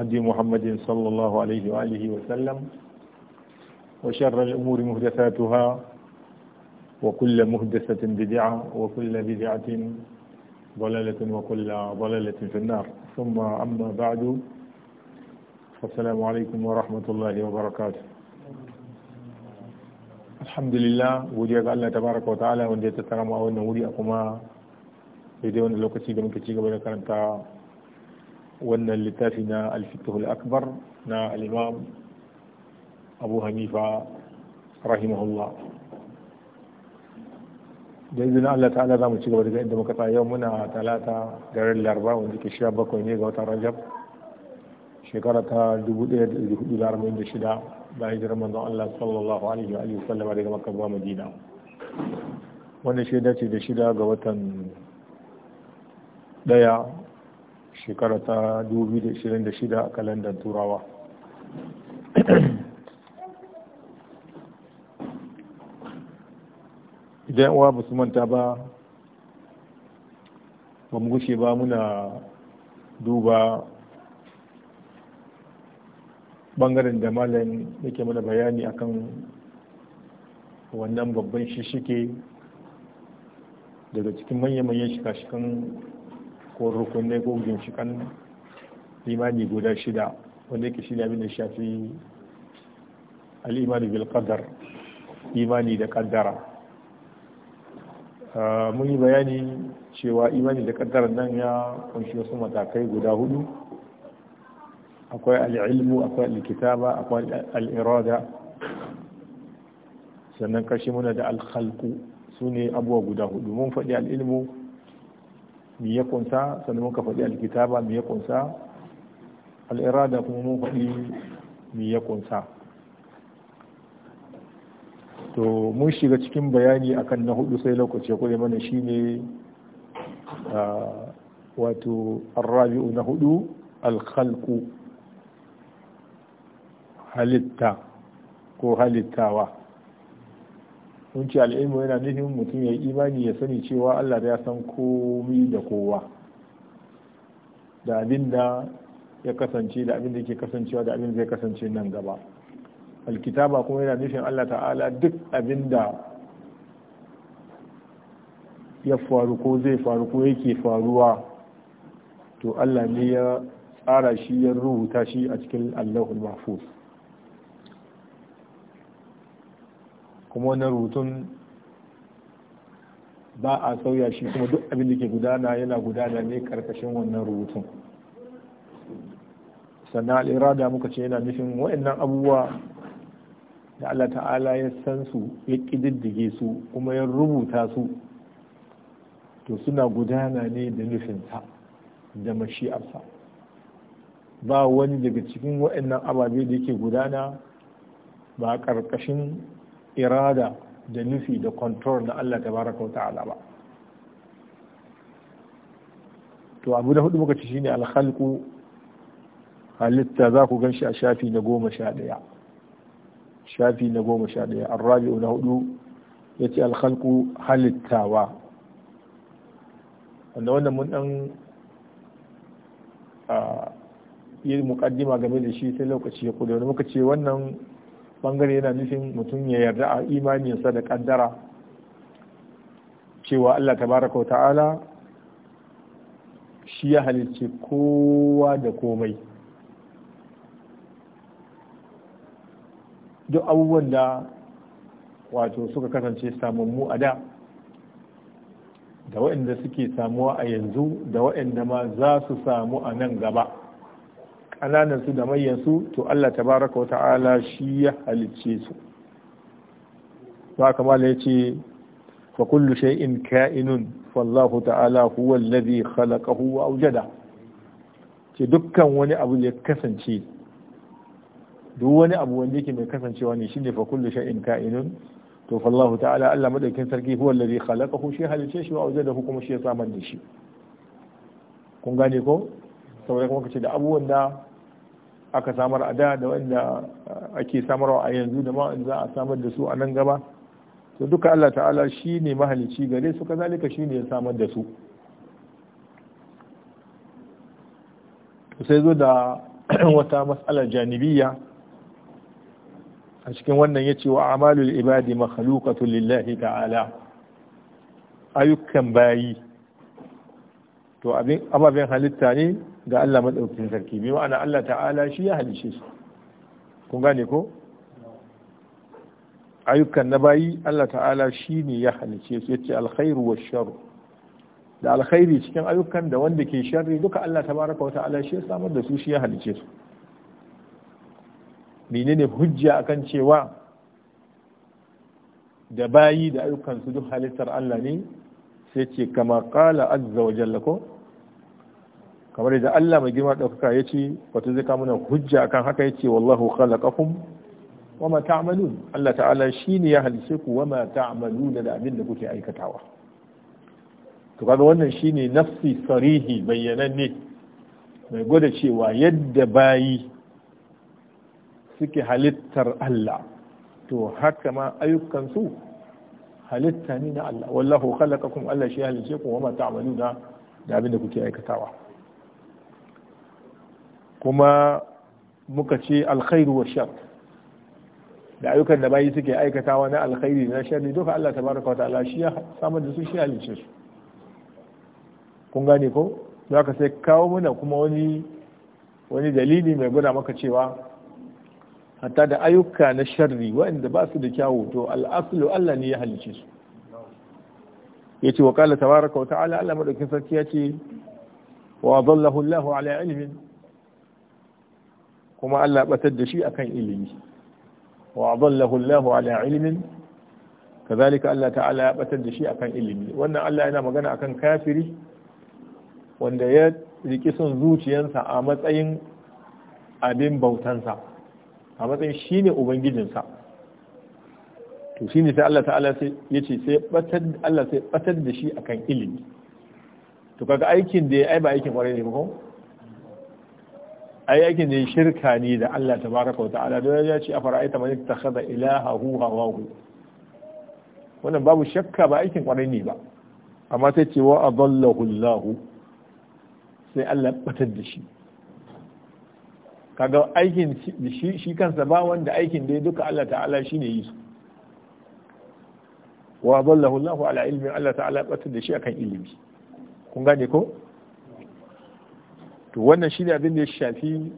هدي محمد صلى الله عليه وآله وسلم وشر الأمور مهدثاتها وكل مهدثة بدعة وكل بدعة ضلالة وكل ضلالة في النار ثم أما بعد السلام عليكم ورحمة الله وبركاته الحمد لله ga الله تبارك وتعالى ta'ala wanda ya tattara mu a wannan wuri a kuma wannan littafi na alfikihul akbar na al'imam abu hanifa rahimahullah da izinin Allah ta'ala za mu ci gaba daga inda muka tsaye yau muna talata garin laraba wanda ke sha bakwai ne ga watan rajab shekara ta 1446 bayan jiran manzon Allah sallallahu alaihi wa alihi sallama daga makka zuwa madina wannan shaida ce da shida ga watan daya shekara ta 2026 a kalandar turawa idan uwa ba su manta ba ba mu gushe ba muna duba bangaren da malam yake mana bayani akan wannan babban shishike daga cikin manya-manyan shika-shikan ko rukunne ko ginshikan imani guda shida wanda yake shine abin da shafi al'imani bil qadar imani da kaddara ah, mun yi bayani cewa imani da kaddara nan ya kunshi wasu matakai guda hudu akwai al'ilmu akwai al'kitaba akwai al'irada sannan kashi muna da alkhalku su ne abuwa guda hudu mun faɗi al'ilmu mi ya kunsa sannan muka faɗi alkitaba mi ya kunsa al'irada kuma mun faɗi mi ya kunsa to mun shiga cikin bayani akan na hudu sai lokaci kuɗe mana shine wato arrabi'u na hudu alkhalku halitta ko halittawa mun ce al'ilmu yana nufin mutum ya yi imani ya sani cewa Allah ya san komi da kowa da abin da ya kasance da abin da ke kasancewa da abin zai kasance nan gaba alkitaba kuma yana nufin Allah ta'ala duk abin da ya faru ko zai faru ko yake faruwa to Allah ne ya tsara shi ya rubuta shi a cikin Allahul Mahfuz kuma wani rubutun ba a sauya shi kuma duk abin da ke gudana yana gudana ne karkashin wannan rubutun sannan da muka ce yana nufin wa'annan abubuwa da Allah ta'ala ya san su ya ƙididdige su kuma ya rubuta su to suna gudana ne da nufinsa da mashi'arsa ba wani daga cikin wa'annan ababe da yake gudana ba ƙarƙashin irada da nufi da control na Allah Ta wa ta'ala ba to abu da hudu muka ci shine alhalku halitta za ku gan shi a shafi na goma sha ɗaya shafi na goma sha ɗaya na hudu ya ce alhalku halittawa wanda wannan mun ɗan ah, yi game da shi sai lokaci ya kudu muka ce wannan bangare yana nufin mutum ya yarda a imaninsa da kaddara cewa Allah ta tabaraka ta'ala shi ya halicci kowa da komai duk abubuwan da wato suka kasance mu a da da waɗanda suke samuwa a yanzu da waɗanda ma za su samu a nan gaba kananan su da manyan su to Allah tabaraka wata'ala shi ya halicce su to haka mala yace fa kullu shay'in ka'inun wallahu ta'ala huwa alladhi khalaqahu wa awjada ce dukkan wani abu ya kasance duk wani abu wanda yake mai kasancewa ne shine fa kullu shay'in ka'inun to fa Allah ta'ala Allah madaukin sarki huwa alladhi khalaqahu shi halice shi wa hu kuma shi ya samar da shi kun gane ko saboda kuma kace da abubuwan da aka samar a da da wanda ake samarwa a yanzu da ma za a samar da su a nan gaba to duka Allah ta'ala shi ne mahalicci gare su kazalika shi ne ya samar da su sai zo da wata matsalar janibiyya a cikin wannan ya ce wa amalul ibadi makhluqatu lillahi ta'ala ayyukan bayi to abin ababen halitta ne ga Allah madaukakin sarki bi ma'ana Allah ta'ala shi ya halishe su kun gane ko ayyukan na bayi Allah ta'ala shi ne ya halice su yace alkhairu wa sharu da alkhairi cikin ayyukan da wanda ke sharri duka Allah tabaraka wa ta'ala shi ya samar da su shi ya halice su menene hujja akan cewa da bayi da ayyukan su duk halittar Allah ne sai ce kama qala azza wa jalla ko kamar da Allah mai girma ɗaukaka ya ce wata zai kamuna hujja akan haka ya ce wallahu khalaqakum wa ma ta'malun Allah ta'ala shine ya halice ku wa ma ta'malun da abin da kuke aikatawa to kaga wannan shine nafsi sarihi bayyananne mai gwada cewa yadda bayi suke halittar Allah to haka ma ayyukansu halitta ne na Allah wallahu khalaqakum Allah shi halice ku wa ma ta'maluna da abin da kuke aikatawa kuma muka ce alkhairu wa shar da ayyukan da bayi suke aikatawa na alkhairi na shar ne duka Allah tabaraka wa ta'ala shi ya samar da su shi halice su kun gane ko za ka sai kawo mana kuma wani wani dalili mai guda maka cewa hatta da ayyuka na sharri waɗanda ba su da kyawu to al'aslu Allah ne ya halice su ya ce wa kala tabaraka wa ta'ala Allah madaukin sarki ya ce wa zallahu Allah ala ilmin kuma Allah batar da shi akan ilimi wa adallahu Allahu ala ilmin kazalika Allah ta'ala ya batar da shi akan ilimi wannan Allah yana magana akan kafiri wanda ya riki son zuciyarsa a matsayin abin bautansa a matsayin shine ubangijinsa to shine sai Allah ta'ala ya ce sai batar Allah sai batar da shi akan ilimi to kaga aikin da ya ai ba aikin kwarai ne ba ko ai yake ne shirka ne da Allah tabaraka wa ta'ala don ya ce afara aita man ittakhadha ilahahu hu wannan babu shakka ba aikin kwarai ne ba amma sai ce wa adallahu Allah sai Allah batar da shi kaga aikin shi shi kansa ba wanda aikin da duka Allah ta'ala shine yi su wa adallahu Allah ala ilmi Allah ta'ala batar da shi akan ilimi kun gane ko to wannan shine abin da ya shafi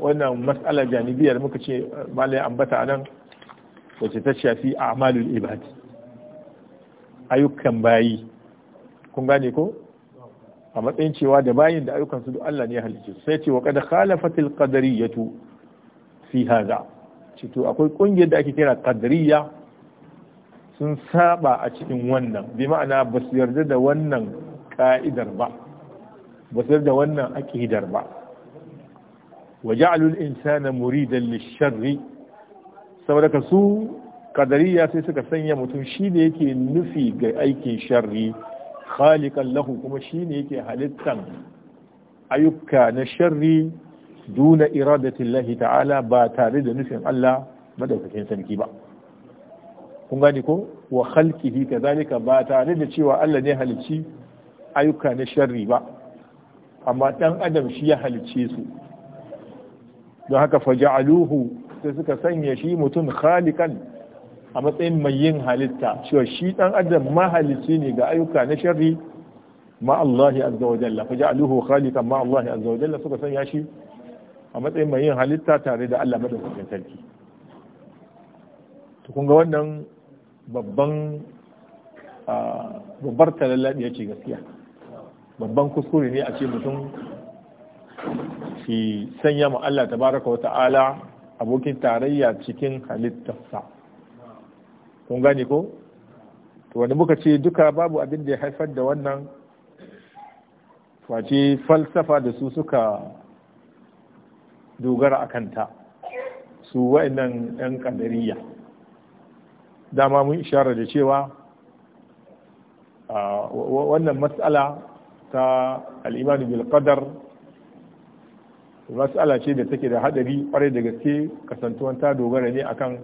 wannan mas'ala janibiyar muka ce malai ambata nan. wace ta shafi a a'malul ibad ayyukan bayi kun gane ko a matsayin cewa da bayin da ayyukan su duk Allah ne ya halicce sai ce wa qad khalafatil qadariyatu fi hadha to akwai kungiyar da ake kira qadariya sun saba a cikin wannan bi ma'ana ba su yarda da wannan ka'idar ba ba su da wannan aƙidar ba wa ja'alul insana muridan lisharri saboda ka su kadariya sai suka sanya mutum shi ne yake nufi ga aikin sharri khaliqan lahu kuma shi ne yake halittan ayyuka na sharri duna iradatin lahi ta'ala ba tare da nufin Allah madaukakin sarki ba kun gani ko wa khalqihi kazalika ba tare da cewa Allah ne halici ayyuka na sharri ba amma ɗan adam shi ya halicce su don haka faja'aluhu sai suka sanya shi mutum khalikan a matsayin mai yin halitta cewa shi ɗan adam mahalicci ne ga ayyuka na shari ma Allah azza wa jalla aluhu khalikan ma Allah azza wa jalla suka sanya shi a matsayin mai yin halitta tare da Allah madaukakin sarki to kun ga wannan babban ah, babbar talalla ya ce gaskiya babban kuskure ne a ce mutum shi sanya mu Allah Ta baraka wa ta'ala abokin tarayya cikin halittarsa kun gane ko to muka ce duka babu abin da ya haifar da wannan face falsafa da su suka dogara a kanta su wa'annan 'yan kadariya dama mun ishara da cewa wannan matsala ta al'imani bilkadar. qadar mas'ala ce da take da haɗari kwarai da gaske kasantuwan ta dogara ne a kan.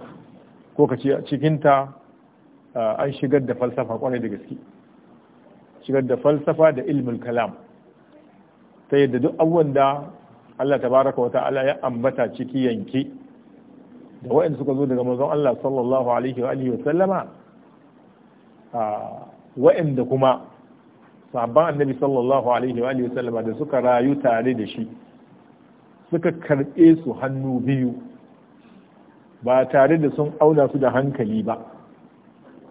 ko ka ce cikinta an shigar da falsafa kwarai da gaske shigar da falsafa da ilmin kalam ta yadda duk abubuwan da Allah ta baraka wa ta'ala ya ambata ciki yanke da waɗanda suka zo daga manzon Allah sallallahu alaihi wa alihi wa sallama waɗanda kuma sahabban annabi sallallahu alaihi wa sallama da suka rayu tare da shi suka karɓe su hannu biyu ba tare da sun auna su da hankali ba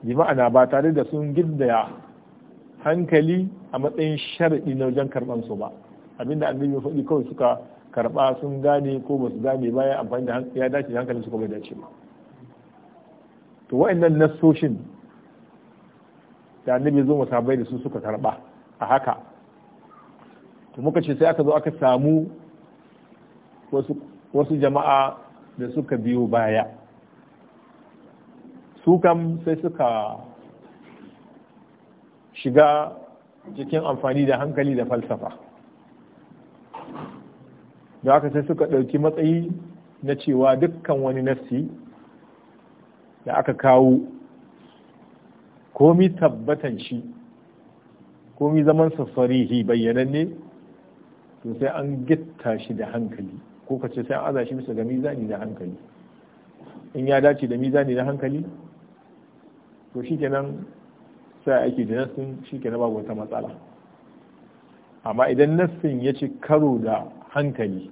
yi ma'ana ba tare da sun gindaya hankali a matsayin sharaɗi na wajen karɓan su ba abinda annabi ya faɗi kawai suka karɓa sun gane ko ba su gane ba ya amfani da ya dace da hankalin su ko bai dace ba to wa'annan nassoshin da annabi zo masabai da su suka karɓa a haka to muka ce sai aka zo aka samu wasu jama'a da suka biyo baya su kam sai suka shiga cikin amfani da hankali da falsafa da aka sai suka ɗauki matsayi na cewa dukkan wani nafsi da aka kawo komi tabbatan shi komi zaman sassarihi bayyananne to sai an gitta shi da hankali ko ka ce sai an aza shi bisa ga mizani da hankali in ya dace da mizani da hankali to shikenan sai ake da nassin shikenan babu wata matsala amma idan nassin ya ci karo da hankali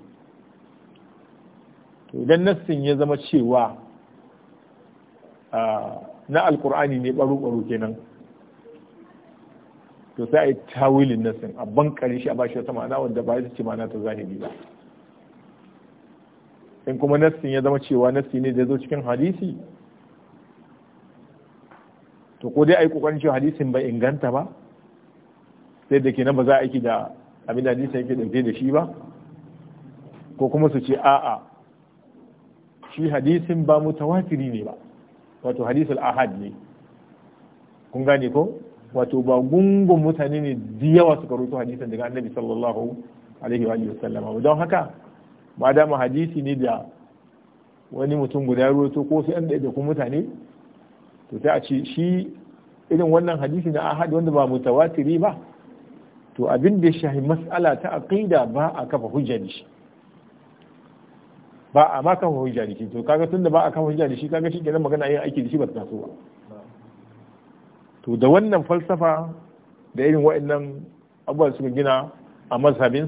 to idan nassin ya zama cewa ah, na alkur'ani ne baro-baro kenan to sai a yi tawilin nasin a bankare shi a bashi wata ma'ana wanda ba ita ce ma'ana ta zahiri ba in kuma nassin ya zama cewa nassi ne da ya zo cikin hadisi to ko dai a yi kokarin cewa hadisin bai inganta ba sai da kenan ba za a aiki da abin da hadisin yake dauke da shi ba ko kuma su ce a'a shi hadisin ba mutawatiri ne ba wato hadisul ahad ne kun gane ko wato ba gungun mutane ne da yawa suka rutu hadisan daga annabi sallallahu alaihi wa sallama don haka da mu hadisi ne da wani mutum guda ruwato ko sai an da ku mutane to sai a ce shi irin wannan hadisi na ahad wanda ba mutawatiri ba to abin da shi mas'ala ta aqida ba a kafa hujja da shi ba a ma kafa hujja da shi to kaga tunda ba a kafa hujja da shi kaga shi kenan magana yin aiki da shi ba ta so ba to da wannan falsafa da irin waɗannan abubuwa suka gina a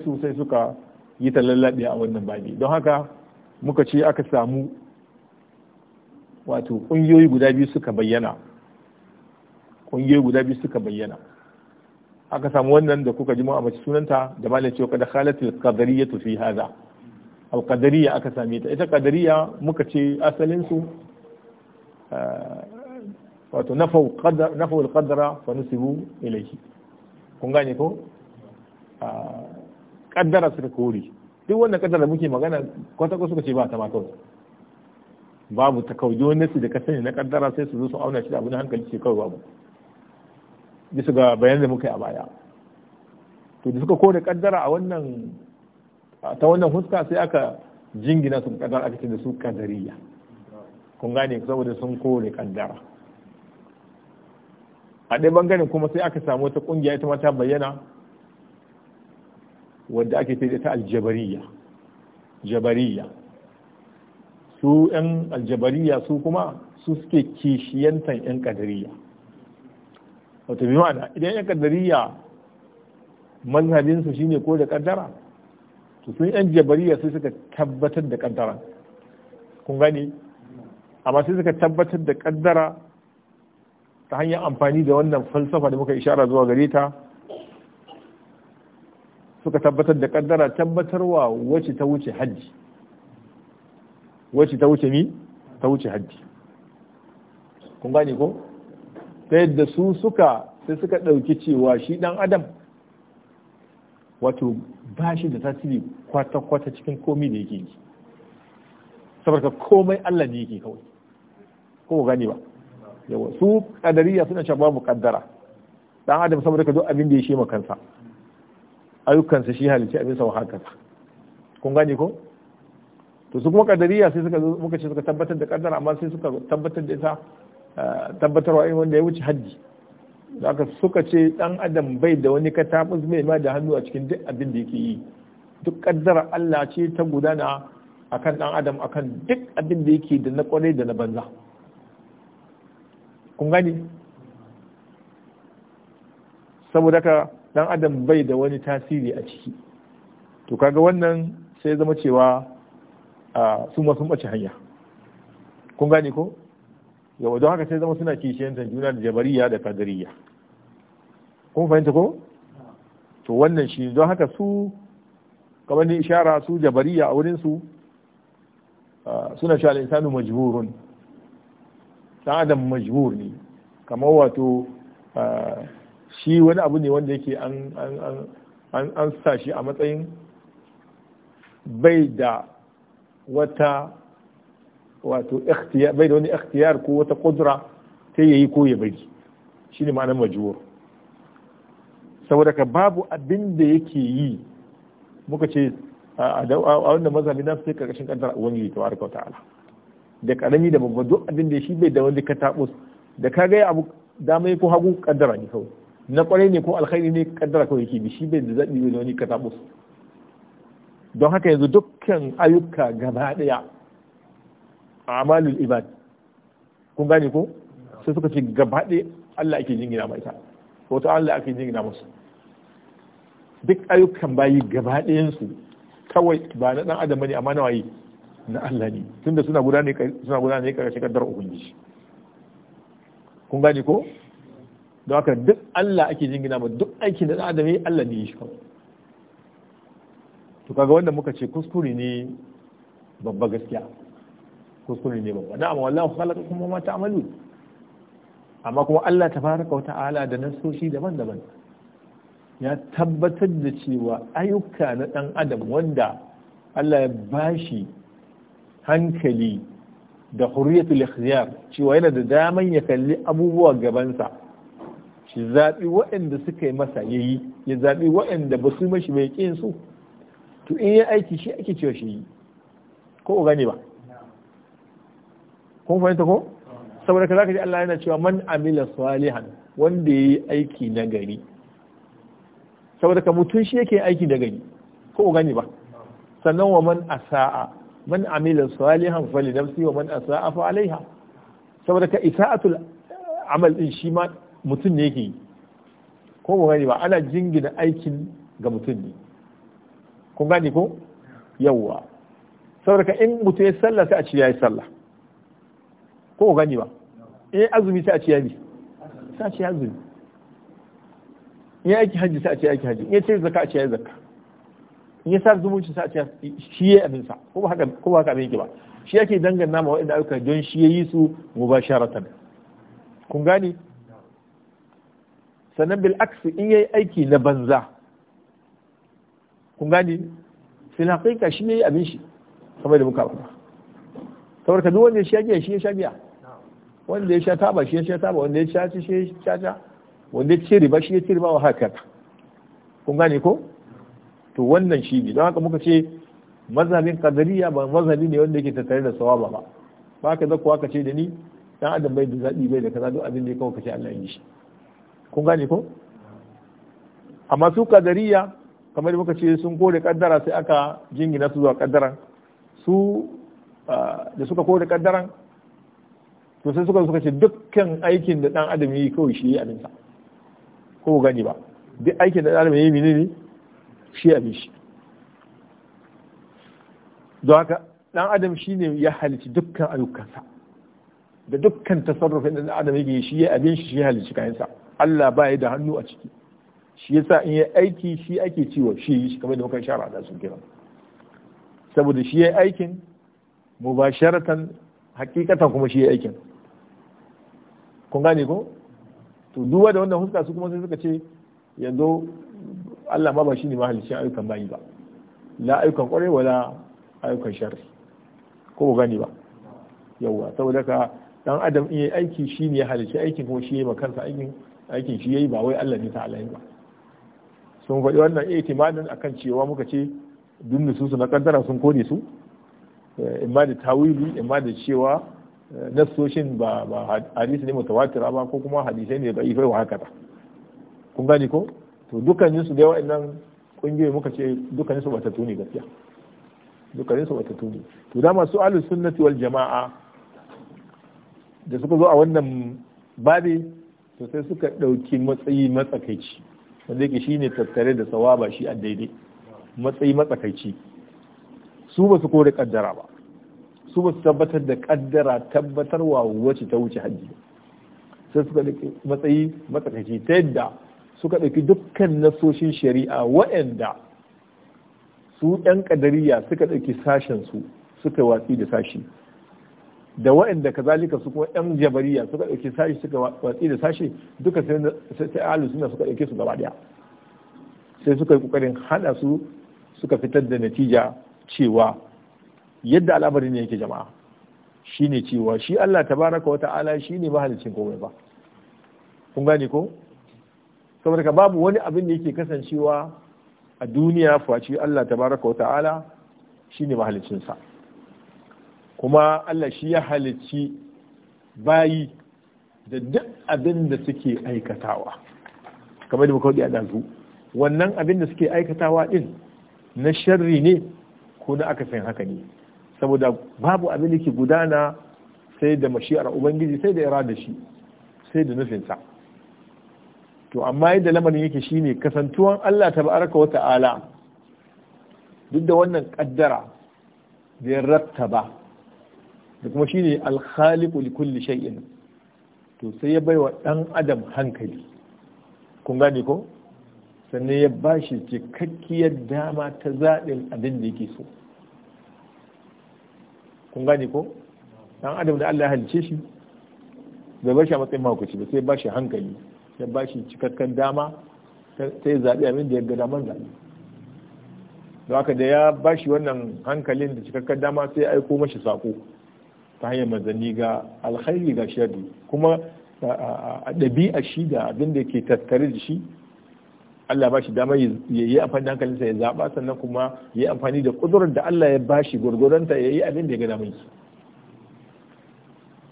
su sai suka yi ta lallaɓe a wannan babi don haka muka ce aka samu wato ƙungiyoyi guda biyu suka bayyana ƙungiyoyi guda biyu suka bayyana aka samu wannan da kuka ji mu a mace sunanta da malam cewa kada khalatil qadariyatu fi hadha al qadariyya aka same ta ita qadariyya muka ce asalin su wato nafa alƙadara fa nusibu ilaihi kun gane ko kaddara ah, suka kori. duk wannan kaddara muke magana kwata ko suka ce ba ta ma kawai babu ta kawai wani nasi da ka sani na kaddara sai su zo su auna shi da abu na hankali ce kawai babu bisa ga bayan da muka yi a baya to da suka kore kaddara a wannan ta wannan huska sai aka jingina su kaddara aka ce da su kadariya kun gane saboda sun kore kaddara a ɗaya ɓangaren kuma sai aka samu wata ƙungiya ita ma ta bayyana wadda ake ce ta aljabariya jabariya su 'yan aljabariya su kuma su suke kishiyantan 'yan kadariya Wata bi ma'ana idan 'yan kadariya mazhabinsu shine ko da kaddara to sun 'yan jabariya sai suka tabbatar da kaddara kun gani amma sai suka tabbatar da kaddara ta hanyar amfani da wannan falsafa da muka ishara zuwa gare ta suka tabbatar da kaddara tabbatarwa wacce ta wuce hajji wacce ta wuce mi ta wuce hajji kun gane ko ta yadda su suka sai suka ɗauki cewa shi ɗan adam wato ba shi da tasiri kwata-kwata cikin komi da yake yi saboda komai Allah ne yake kawai ko gane ba yawa su kadariya suna cewa babu kaddara dan adam saboda ka zo abin da ya shema kansa ayyukansa shi halice abin wa haka kun gane ko to su kuma kadariya sai suka muka ce suka tabbatar da kaddara amma sai suka tabbatar da ita eh, tabbatarwa irin wanda ya wuce haddi da aka suka ce dan adam bai da wani katabus mai ma da hannu a cikin duk abin da yake yi duk kaddara Allah ce ta gudana akan dan adam akan duk abin da yake da na kwarai da na banza kun gani saboda ka dan adam bai da wani tasiri a ciki to kaga wannan sai zama cewa su ma sun ɓace hanya kun gani ko yawa don haka sai zama suna kishiyanta juna da jabariya da kadariya kun fahimta ko to wannan shi don haka su kamar ni ishara su jabariya a wurinsu suna shi al'insanu majburun dan majhur ne kamar wato shi wani abu ne wanda yake an sa shi a matsayin bai da wata wato bai da wani ikhtiyar ko wata kudura ta yayi ko ya bari shi ne ma'anar majbur saboda ka babu abin da yake yi muka ce a wannan mazhabi na fi karkashin kaddara ubangiji tabaraka wa ta'ala da karami da babba duk abin da shi bai da wani katabus da ka ga abu dama ko hagu kaddara ne kawai na kwarai ne ko alkhairi ne kaddara kawai yake bi shi bai da zabi da wani katabus don haka yanzu dukkan ayyuka gaba daya amalul ibad kun gane ko sai suka ce gaba daya Allah ake jingina mai ta ko ta Allah ake jingina musu duk ayyukan bayi gaba dayan su kawai ba na dan adam bane amma nawayi na Allah ne tunda suna guda ne suna guda ne karshe kaddar ubangiji kun gane ko don haka duk Allah ake jingina ma duk aikin da dan adam yayi Allah ne shi kawai to kaga wanda muka ce kuskure ne babba gaskiya kuskure ne babba na amma wallahu khalaqa kuma ma ta'malu amma kuma Allah tabaraka wa ta'ala da nasoshi daban-daban ya tabbatar da cewa ayyuka na dan adam wanda Allah ya bashi hankali da hurriyatul ikhtiyar cewa yana da daman ya kalli abubuwa gabansa shi zaɓi waɗanda suka yi masa ya yi ya zaɓi waɗanda ba su mashi bai ƙin su to in ya aiki shi ake cewa shi yi ko gane ba kun fahimta ko saboda ka zaka ji Allah yana cewa man amila salihan wanda yayi aiki na gari saboda ka mutun shi yake aiki da gari ko gane ba sannan wa man asa'a man amila salihan fali nafsi wa man asa'a fa alaiha saboda ka isa'atul amal din shi ma mutum ne yake ko ba gani ba ana jingina aikin ga mutum ne kun gani ko yawwa saboda ka in mutum ya sallah sai a ce yayi sallah ko ba gani ba in azumi sai a ce yayi sai a ce azumi in yi aiki hajji sai a ce aiki hajji in ya ce zakka a ce yayi zakka in ya sa zumunci sa a ce shi ya abin sa ko ba haka ko ba haka abin yake ba shi yake dangana ma waɗanda aka don shi ya yi su mubasharatan kun gani sannan bil aksi in yayi aiki na banza kun gane fil haqiqa shi ne abin shi saboda da muka ba saboda ka duk wanda ya sha giya shi ya sha giya wanda ya sha taba shi ya sha taba wanda ya sha shi ya sha wanda ya ci riba shi ya ci riba wa haka kun gani ko to wannan shi ne don haka muka ce mazhabin kadariya ba mazhabi ne wanda yake tattare da sawaba ba ba ka zakuwa ka ce da ni dan adam bai da zaɓi bai da kaza duk abin da yake kawai ka ce Allah ya yi shi kun gane ko amma su kadariya kamar muka ce sun kore kaddara sai aka jingina su zuwa kaddaran su ah, da suka kore kaddaran to sai suka suka ce dukkan aikin da dan adam yi kawai shi abinsa ko gani ba duk aikin da dan adam yi menene ne shi abin shi don haka dan adam shine ya halici dukkan ayyukansa da dukkan tasarrufin da adam yake shi ya abin shi shi halici kayansa Allah ba ya da hannu a ciki shi yasa in ya aiki shi ake ciwo shi yi shi kamar da muka shara da sun kira saboda shi ya aikin mubasharatan hakikatan kuma shi ya aikin kun gane ko to duwa da wannan huska su kuma sai suka ce yanzu Allah ma ba ne mahalicin ayyukan bayi ba la ayyukan kwarai wala ayyukan sharri ko ba gani ba yawa saboda ka dan adam iya aiki shi ne ya halicci aikin kuma shi ya yi kansa aikin aikin shi ya yi ba wai Allah ne ta ta'ala ba sun faɗi wannan itimadin akan cewa muka ce duk nususu na kaddara sun kone su eh, imma da tawili imma da cewa eh, nasoshin ba ba hadisi ne mutawatir ba ko kuma hadisi ne da ifai wa haka kun gani ko to dukkanin su dai wa'annan kungiyoyi muka ce dukkanin su ta tuni gaskiya dukkanin su ta tuni to dama su ahlus sunnati wal jama'a da suka zo a wannan babi to sai suka dauki matsayi matsakaici wanda yake shi ne tattare da sawaba shi a daidai matsayi matsakaici su ba su kore kaddara ba su ba su tabbatar da kaddara tabbatarwa wacce ta wuce hajji sai suka ɗauki matsayi matsakaici ta yadda suka ɗauki dukkan nasoshin shari'a waɗanda su ɗan ƙadariya suka ɗauki sashen su suka watsi da sashi da waɗanda kazalika su kuma ɗan jabariya suka ɗauki sashi suka watsi da sashi duka sai alu suna suka ɗauke su gaba ɗaya sai suka yi ƙoƙarin haɗa su suka fitar da natija cewa yadda al'amarin ne yake jama'a shine cewa shi Allah tabaraka wa ta'ala shine mahalicin komai ba kun gane ko saboda ka babu wani abin da yake kasancewa a duniya faci Allah tabaraka wata'ala shine mahalicinsa kuma Allah shi ya halici bayi da duk abin da suke aikatawa kamar da muka a ɗazu wannan abin da suke aikatawa din na sharri ne ko na akasin haka ne saboda babu abin da ke gudana sai da mashi'ar ubangiji sai da irada shi sai da nufinsa to amma yadda lamarin yake shine kasantuwan Allah ta tabaraka wa ta'ala duk da wannan kaddara da ya rattaba da kuma shine al-khaliqu li kulli shay'in to sai ya baiwa ɗan adam hankali kun gane ko sannan ya bashi cikakkiyar dama ta zaɗin abin da yake so kun gane ko dan adam da Allah ya halice shi bai bar shi a matsayin mahaukaci ba sai ba shi hankali ya ba shi cikakken dama ta yi zaɓi abin da ya ga daman zaɓi da haka da ya ba shi wannan hankalin da cikakken dama sai ya aiko mashi saƙo ta hanyar manzanni ga alkhairi ga sharri kuma a ɗabi'a shi da abin da ke tattare da shi Allah ba shi dama ya yi amfani da hankalinsa ya zaɓa sannan kuma ya yi amfani da ƙudurar da Allah ya ba shi gwargwaronta ya yi abin da ya ga su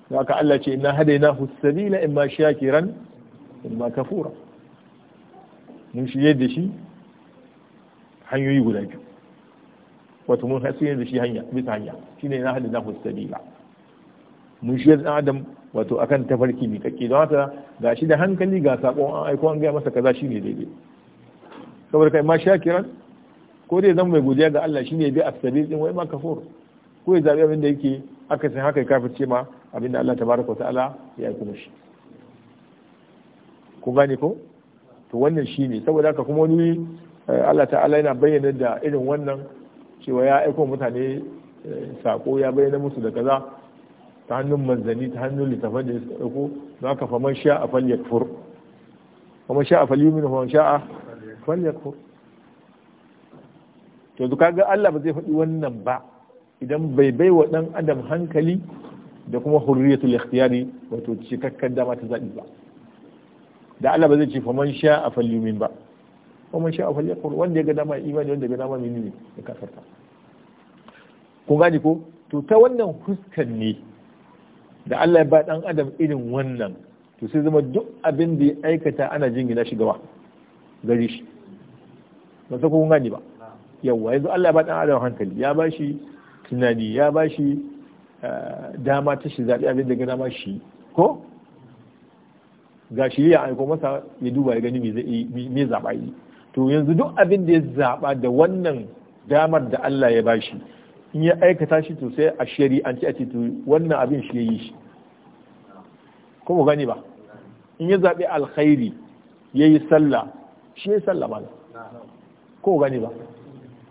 shi haka Allah ce ina hadaina husabila in ma kiran. kuma kafura mun shi da shi hanyoyi guda biyu wato mun hasi da shi hanya bisa hanya shine na hadin nahu sabila mun shi da adam wato akan tafarki mai kakki don haka ga shi da hankali ga sakon an aiko an gaya masa kaza shine daidai saboda kai ma shakiran ko dai zan mai godiya ga Allah shine bi as-sabil din wai ma kafur ko ya zabi abin da yake aka san haka kafirce ma abin da Allah tabaraka wa ta'ala ya aiko shi ku gane ko to wannan shi ne saboda haka kuma wani eh, Allah ta'ala yana bayyana da irin wannan cewa ya aiko mutane eh, sako ya bayyana musu da kaza ta hannun manzanni ta hannun littafan da suka dauko za ka man sha a falyakfur faman sha a falyumin faman sha a to yanzu kaga Allah ba zai faɗi wannan ba idan bai bai wa ɗan adam hankali da kuma hurriyatul ikhtiyari wato cikakken dama ta zaɓi ba da Allah ba zai ce faman sha a falyumin ba faman sha a falyakul wanda ya ga dama imani wanda ya ga dama ne ya kafarta kun gane ko to ta wannan huskan ne da Allah ya ba dan adam irin wannan to sai zama duk abin da ya aikata ana jin gina shi gawa gari shi ba sai kun gane ba yawa yanzu Allah ya ba dan adam hankali ya ba shi tunani ya ba shi eh, dama ta shi zaɓi abin da ga dama shi ko ga shi ya aiko masa ya duba ya gani me zaɓa yi to yanzu duk abin da ya zaɓa da wannan damar da Allah ya bashi in ya aikata shi to sai a shari'anci a ce to wannan abin shi ya yi shi kuma gani ba in ya zaɓi alkhairi ya yi sallah shi ya yi sallah ba ko gani ba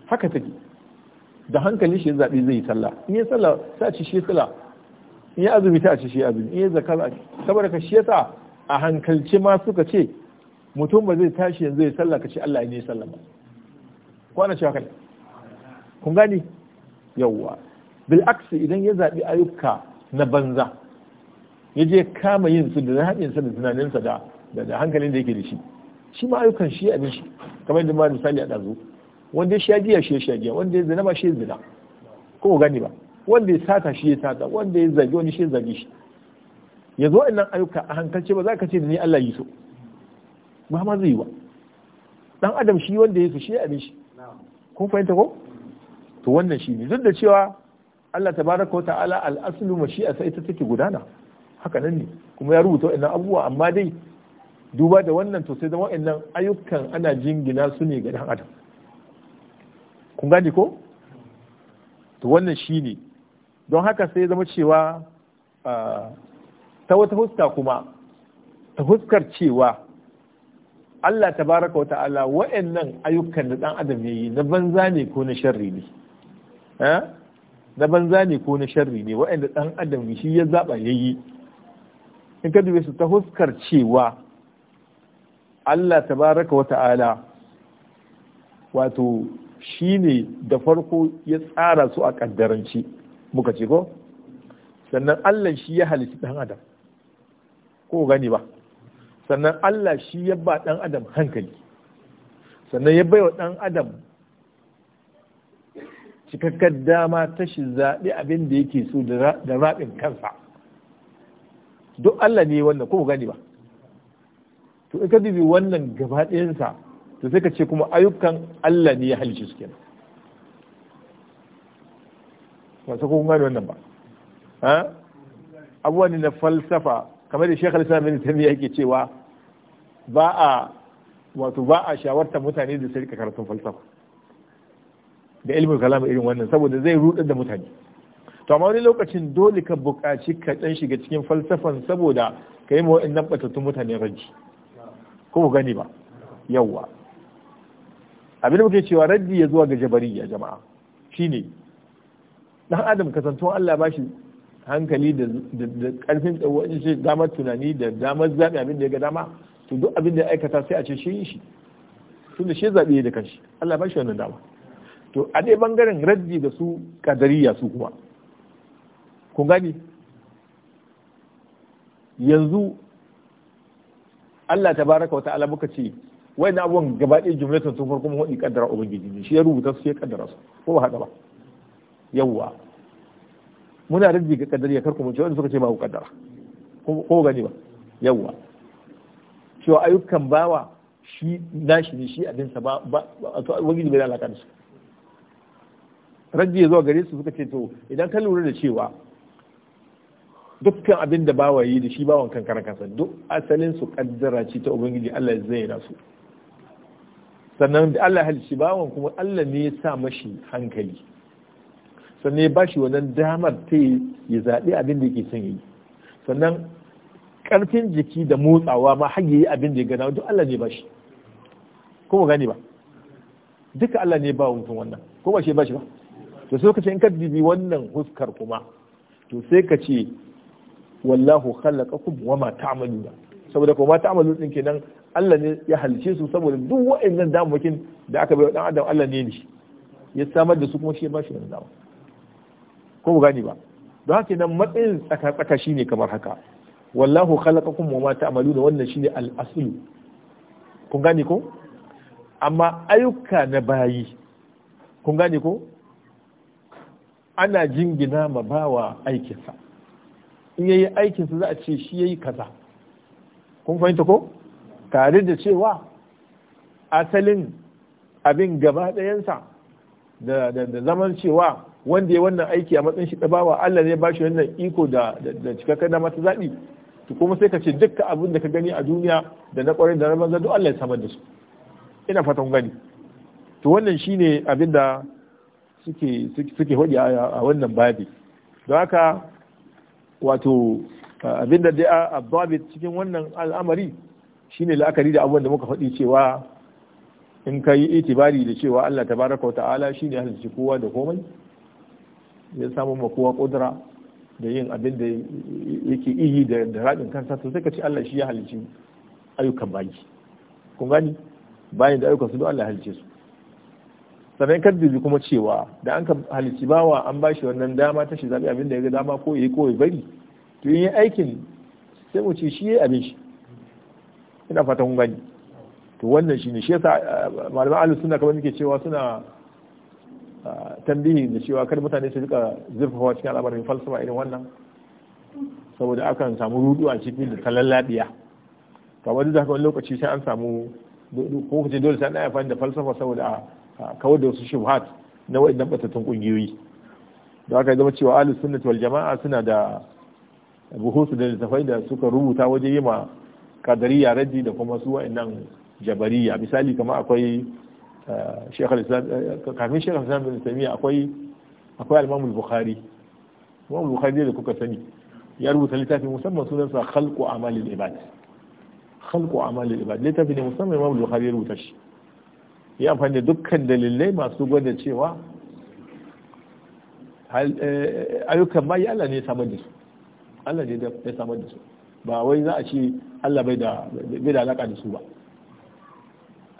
haka take da hankali shi ya zaɓi zai yi sallah in ya sallah sai a ci shi sallah in ya azumi ta a ci shi azumi in ya zakar saboda ka shi ya sa a hankalce ma suka ce mutum ba zai tashi yanzu ya sallah ka ce Allah ya ne ya sallah ba ko ana cewa kai kun gani yawwa bil aksi idan ya zabi ayyuka na banza ya je kama yin su da zaɓin sa da sa da da hankalin da yake da shi shi ma ayyukan shi abin shi kamar yadda ma misali a ɗazu wanda ya sha giya shi ya sha giya wanda ya zina ma shi ya zina ko gani ba wanda ya sata shi ya sata wanda ya zagi wani shi ya zagi shi Ya zo wa'annan ayyuka a hankalce ba za ka ce da ni Allah yi so ba ma zai yi ba dan adam shi wanda ya so shi abin shi kun fahimta ko to wannan shi ne duk da cewa Allah tabaraka ta'ala al-aslu a sai ita take gudana haka nan ne kuma ya rubuta wa'annan abubuwa amma dai duba da wannan to sai zama wa'annan ayyukan ana jingina su ne ga dan adam kun gane ko to wannan shi ne don haka sai zama cewa ah, ta wata huska kuma ta huskar cewa Allah tabaraka wa ta'ala wa'annan ayyukan da dan adam yayi na banza ne ko na sharri ne eh? na banza ne ko na sharri ne wa'anda dan adam shi ya zaba yayi in ka dube su ta huskar cewa Allah tabaraka wa ta'ala wato shi ne da farko ya tsara su a ƙaddaranci muka ce ko sannan Allah shi ya halittu ɗan adam ko gani ba sannan Allah shi ya ba ɗan adam hankali sannan ya baiwa ɗan adam cikakkar dama ta shi zaɓi abin da yake so da raɓin kansa duk Allah ne wannan ko gani ba to in ka dubi wannan gaba ɗayansa to sai ka ce kuma ayyukan Allah ne ya halice su kenan ba ko kun gani wannan ba abubuwa ne na falsafa kamar da shekar islam bin taimiyya yake cewa ba a wato ba a shawarta mutane da su rika karatun falsafa da ilimin kalama irin wannan saboda zai rudar da mutane to amma wani lokacin dole ka buƙaci ka dan shiga cikin falsafan saboda ka yi ma wa'annan batattun mutane raji ko ku gani ba yawwa abin da muke cewa raddi ya zuwa ga ya jama'a shine dan adam kasantun Allah bashi hankali da karfin tsawon shi damar tunani da damar zaɓi abin da ya ga dama to duk abin da ya aikata sai a ce shi yi shi tun da shi zaɓe da kanshi Allah ba shi wannan dama to a dai bangaren raddi da su kadariya su kuma kun gani yanzu Allah ta baraka wata ala muka ce na abubuwan gaba ɗaya jumlatan sun farko mun waɗi kaddara ubangiji ne shi ya rubuta su ya kaddara su ko ba haka ba yawwa muna raddi ga kadariya ya karku mun ce wanda suka ce ba ku kaddara ko gani ba yawwa cewa ayyukan bawa shi nashi ne shi abinsa ba ba wani bai alaƙa da su raddi ya zuwa gare su suka ce to idan ka lura da cewa dukkan abin da bawa yi da shi bawan kankara kasa duk asalin su kaddara ce ta ubangiji Allah zai yi su sannan da Allah halicci bawan kuma Allah ne ya sa mashi hankali sannan ya shi wannan damar ta ya zaɓi abin da yake son yi sannan ƙarfin jiki da motsawa ma har yi abin da ya gana duk Allah ne ba ko kuma gani ba duka Allah ne ba mutum wannan ko ba shi bashi ba to sai ka ce in ka dibi wannan huskar kuma to sai ka ce wallahu khalaqakum wama ta'maluna saboda kuma ta'malun din kenan Allah ne ya halice su saboda duk wa'annan damakin da aka bai wa dan adam Allah ne ne ya samar da su kuma shi ba shi wannan dama ko ba gani ba don haka nan matsayin tsaka-tsaka ne kamar haka wallahu khalaqakum wa ma ta'maluna wannan shine al-aslu kun gane ko amma ayyuka na bayi kun gane ko ana jingina ma bawa aikinsa in yayi aikinsa za a ce shi yayi kaza kun fahimta ko tare da cewa asalin abin gaba ɗayansa da zaman cewa wanda ya wannan aiki a matsayin shi dabawa Allah ne ba shi wannan iko da cikakken dama ta zaɓi to kuma sai ka ce duk abin da ka gani a duniya da na kware da na banza duk Allah ya samar da su ina fatan gani to wannan shine abin da suke suke hodi a wannan babi don haka wato abin da dai a cikin wannan al'amari shine la'akari da abubuwan da muka faɗi cewa in ka yi itibari da cewa Allah Ta baraka wa ta'ala shi ne halicci kowa da komai ya samu ma kowa kudura da yin abin da yake iyi da raɗin kansa to sai ka ce Allah shi ya halicci ayyukan baki kun gani bayan da ayyukan su don Allah halicce su sannan kan dubi kuma cewa da an ka halicci bawa an ba shi wannan dama ta shi zaɓi abin da ya ga dama ko ya ko ya bari to yin aikin sai mu ce shi ya abin shi ina fatan kun gani to wannan ne shi yasa eh, malaman ahlus sunna kamar muke cewa suna eh, tambihi da cewa kar mutane su rika zurfafa cikin al'amarin falsafa irin wannan saboda akan samu rudu a cikin da talallabiya kamar da haka wani lokaci sai an samu ko kace dole sai an yi da falsafa saboda kawar da wasu shubhat na waɗannan batattun kungiyoyi da aka zama cewa ahlus sunna wal jama'a suna da buhusu da littafai da suka rubuta waje yi ma ya raddi da kuma su nan. jabariya misali kamar akwai eh, shekar islam eh, kafin shekar islam bin taimiyya akwai akwai bukhari imamul bukhari da kuka sani ya rubuta littafin musamman sa khalqu amalin ibad khalqu amalin ibad littafi ne musamman imamul bukhari ya rubuta shi ya amfani da dukkan dalilai masu gwada cewa eh, ayyukan bayi Allah ne ya samar da su Allah ne ya samar da su ba wai za a ce Allah bai da alaka da su ba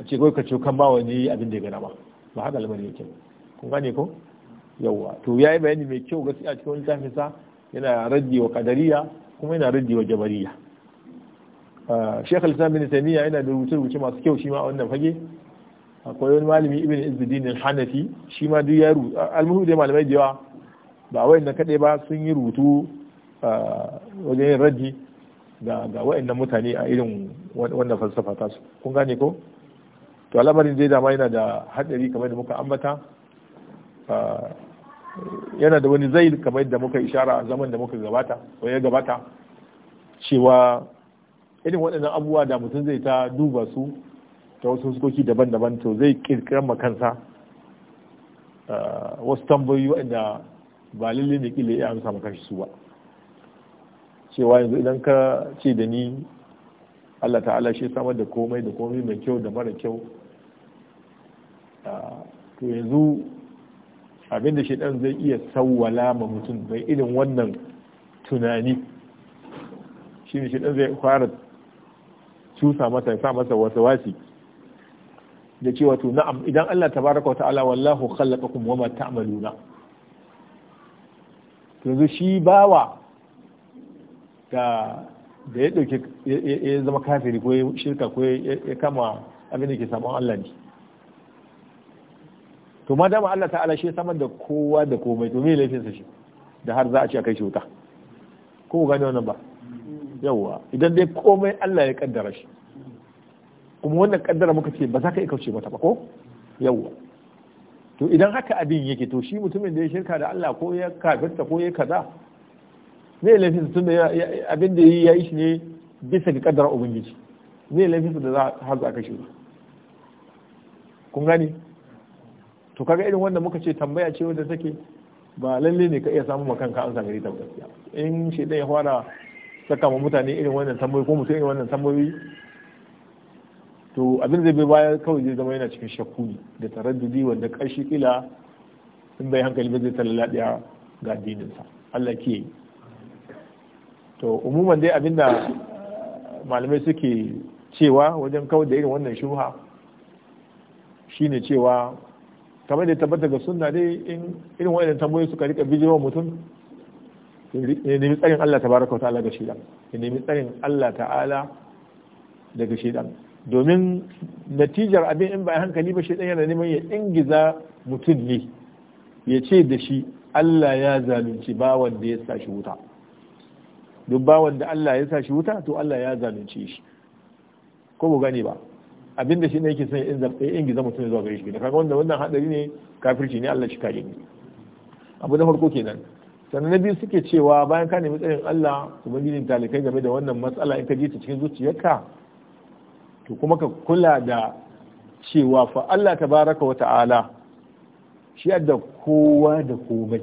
a ce ka ce kan ba wani abin da ya gana ba ba haka lamarin yake kun gane ko yawa to ya yi bayani mai kyau gaskiya a cikin wani tafi sa yana raddi wa kadariya kuma yana raddi wa jabariya ah, shekhal islam bin taimiyya yana da rubuce rubuce masu kyau shi ma a wannan fage akwai wani malami ibn izdin al-hanafi shi ma duk ya rubuta almuhu da malamai da yawa ba wai na kadai ba sun yi rubutu ah, wajen yin raddi ga waɗannan mutane a irin wannan falsafa su kun gane ko to al'amarin dai dama yana da hadari kamar da muka ambata ah, yana da wani zai kamar da muka ishara a zaman da muka gabata ko ya gabata cewa irin waɗannan abubuwa da mutum zai ta duba su ta wasu huskoki daban-daban to zai kirkiran makansa ah, wasu tambayoyi waɗanda ba lalle ne kila ya amsa maka su ba cewa yanzu idan ka ce da ni Allah ta'ala shi samar da komai da komai mai kyau da mara kyau Ah, to yanzu abinda shaidan zai iya sawwala ma mutum bai irin wannan tunani shi ne shaidan zai fara cusa masa sa masa wata wasi da cewa to na'am idan Allah tabaraka wa ta'ala wallahu khalaqakum wama ta'maluna yanzu shi bawa da da ya dauke ya zama kafiri ko shirka ko ya kama abinda ke sabon Allah ne to ma dama Allah ta'ala shi samar da kowa da komai to me laifinsa shi da har za a ce a kai shi wuta ko ne wannan ba yawwa idan dai komai Allah ya kaddara shi kuma wannan kaddara muka ce ba za ka kauce mata ba ko yawwa to idan haka abin yake to shi mutumin da ya shirka da Allah ko ya kafirta ko ya kaza me laifinsa tun tunda abin da ya yi shi ne bisa ga kaddara ubangiji me laifinsa da za har za a kai shi kun gani to kaga irin wanda muka ce tambaya ce wanda take ba lalle ne ka iya samu ma kanka an gari ta gaskiya in shi ya fara saka ma mutane irin wannan tambayoyi ko mutum irin wannan tambayoyi to abin zai bai baya kawai zai zama yana cikin shakku da taraddudi wanda ƙarshe kila in bai hankali ba zai talalaɗiya ga addininsa Allah ke to umuman dai abinda malamai suke cewa wajen kawai da irin wannan shuha shine cewa kamar da tabbata ga sunna dai in irin wa'annan tambayoyi suka rika bijirwa mutum ya nemi tsarin Allah ta baraka ta'ala ga shidan ya nemi tsarin Allah ta'ala daga shidan domin natijar abin in ba a hankali ba shidan yana neman ya ingiza mutum ne ya ce da shi Allah ya zalunci ba wanda ya sa shi wuta duk ba wanda Allah ya sa shi wuta to Allah ya zalunce shi ko mu gani ba abinda da shi ne yake son in ingiza mutum zuwa gare shi da kaga wanda wannan hadari ne kafirci ne Allah shi ka ni abu na farko kenan sannan na biyu suke cewa bayan ka nemi tsarin Allah ubangijin talikai game da wannan matsala in ka ji ta cikin zuciyarka to kuma ka kula da cewa fa Allah tabaraka wa ta'ala shi da kowa da komai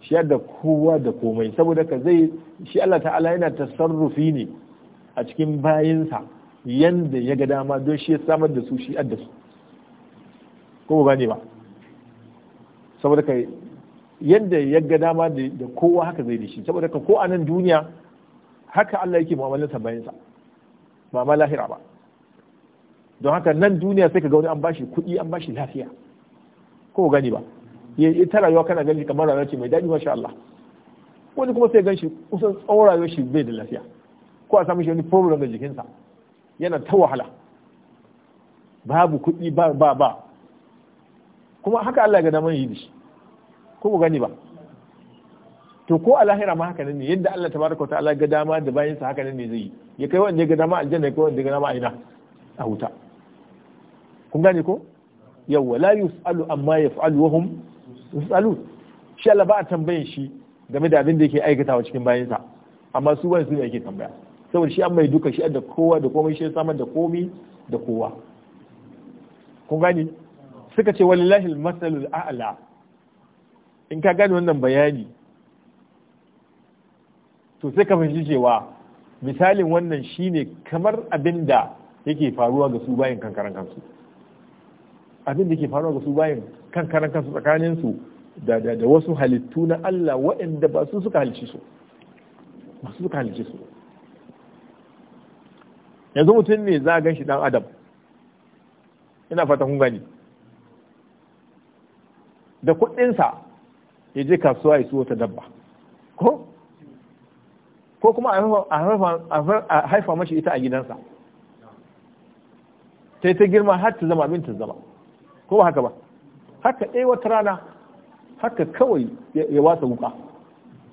shi da kowa da komai saboda ka zai shi Allah ta'ala yana tasarrufi ne a cikin bayinsa yanda ya ga dama don shi ya samar da su shi adda su ko ba ne ba saboda ka yanda ya ga dama da kowa haka zai da shi saboda ka ko a nan duniya haka Allah yake bayan sa ba ma lahira ba don haka nan duniya sai ka ga wani an bashi kuɗi an bashi lafiya ko gani ba ya ta rayuwa kana gani kamar rayuwa ce mai daɗi masha Allah wani kuma sai gan shi kusan tsawon rayuwar shi bai da lafiya ko a samu shi wani problem da jikinsa yana ta wahala babu kuɗi ba ba ba kuma haka Allah ga daman yi dishi ko mu gani ba to ko a lahira ma haka ne yadda Allah tabaraka ta'ala ga dama da bayan sa haka ne zai yi ya kai wanda ga dama aljanna ya kai wanda ga dama a a huta kun gane ko yawwa la yus'alu amma yaf'alu wa hum yusalu shi Allah ba a tambayin shi game da abin da yake aikatawa cikin bayan sa amma su wani su ne yake tambaya saboda shi an mai duka shi da kowa da komai shi samar da komi da kowa kun gani suka ce wallahi al-masalul a'la in ka gani wannan bayani to sai ka fahimci cewa misalin wannan shine kamar abin da yake faruwa ga su bayan kankaran kansu abin da yake faruwa ga su bayan kankaran kansu tsakanin su da da wasu halittu na Allah waɗanda ba su suka halice su ba su suka halice su yanzu mutum ne za a gan shi dan adam ina fata kun gani da kuɗinsa ya je kasuwa ya siyo ta dabba ko ko kuma a haifa mashi ita a gidansa ta ta girma har ta zama min ta zama ko ba haka ba haka ɗaya wata rana haka kawai ya wasa wuka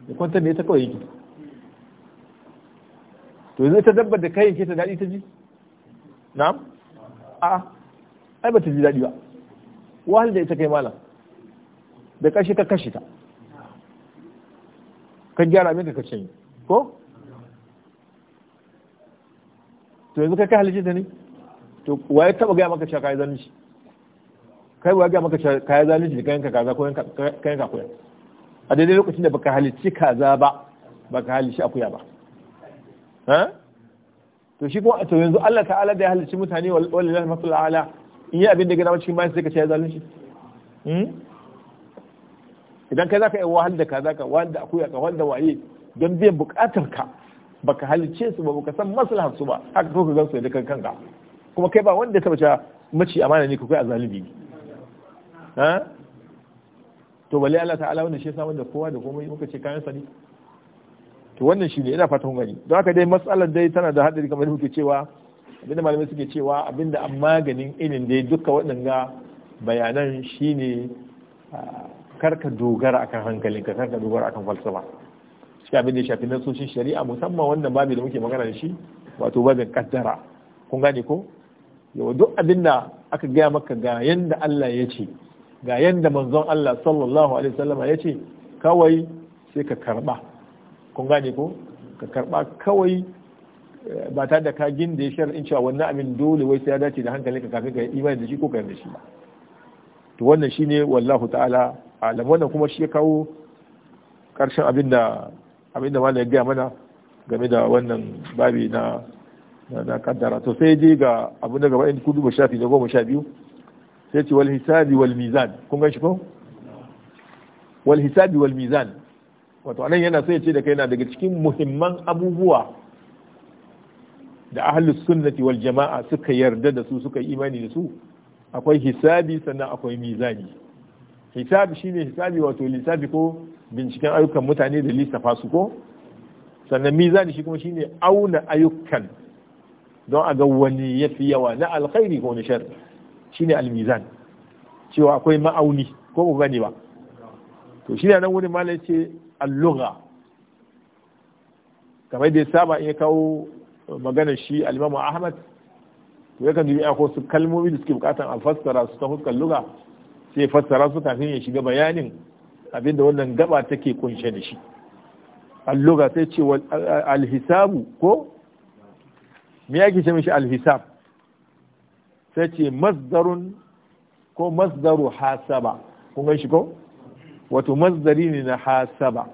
ya kwantar da ta kawai yake to yanzu ta dabbar da kayan ta daɗi ta ji na'am a'a ai ba ta ji daɗi ba wahal da ita kai malam da kashe ka kashe ta ka gyara mai ka canye ko to yanzu kai ka halice ta ne to wa ya taɓa gaya maka cewa zanen shi kai ya gaya maka cewa zanen shi da kayan ka kaza ko kayan ka a daidai lokacin da baka halicci kaza ba baka halice akuya ba to shi kuma to yanzu Allah ta'ala da ya halicci mutane wallahi masul ala in yi abin da gina cikin bayan sai ka ce ya zalunci hmm? idan kai zaka yi wahal da ka zaka wahal da akuya ka wahal da waye don biyan bukatar ka baka halicce su ba baka san maslahar su ba haka so ka gansu su da kan kanka kuma kai ba wanda taba cewa mace amana ne kai azalibi zalibi to balle Allah ta'ala wanda shi ya samu da kowa da komai muka ce kayan sani to wannan shi ne ina fatan gani don haka dai matsalar dai tana da hadari kamar muke cewa abinda malamai suke cewa abinda an maganin ilin dai duka waɗanga bayanan shine karka dogara akan hankalinka karka dogara akan falsafa shi abin da ya shafi nasoshin shari'a musamman wannan babu da muke magana da shi wato babin kaddara kun gane ko yau duk abin da aka gaya maka ga yanda Allah ya ce ga yanda manzon Allah sallallahu alaihi wasallam ya ce kawai sai ka karba kun gane ko ka karba kawai eh, ba tare da ka gin da ya in cewa wannan abin dole wai sai ya dace da hankalinka kafin ka imani da shi ko kayan da shi ba to wannan shine wallahu ta'ala alam wannan kuma shi ya kawo karshen abin da abin ya gaya mana game da wannan babi na na kaddara to sai je ga abu na gaba in ku duba shafi da goma sha biyu sai ce wal hisabi wal mizan kun gan shi ko wal hisabi wal mizan wato anan yana sai ce da kai na daga cikin muhimman abubuwa da ahlus sunnati wal jama'a suka yarda da su suka imani da su akwai hisabi sannan akwai mizani hisabi shine hisabi wato lissafi ko binciken ayyukan mutane da lissafa su ko sannan mizani shi kuma shine auna ayyukan don a ga wani ya yawa na alkhairi ko na shar shine almizan cewa akwai ma'auni ko ba ne ba to shi nan wurin malai ce Alluga lugha kamar da ya saba in ya kawo maganar shi Alimamu Ahmad to yakan dubi ko su kalmomi da suke bukatan a fassara su ta huskar Luga sai fassara su kafin ya shiga bayanin abinda wannan gaba take kunshe da shi Alluga sai ce alhisabu ko me yake ce mishi alhisab hisab sai ce masdarun ko masdaru hasaba kun gan shi ko wato mazdari ne na hasaba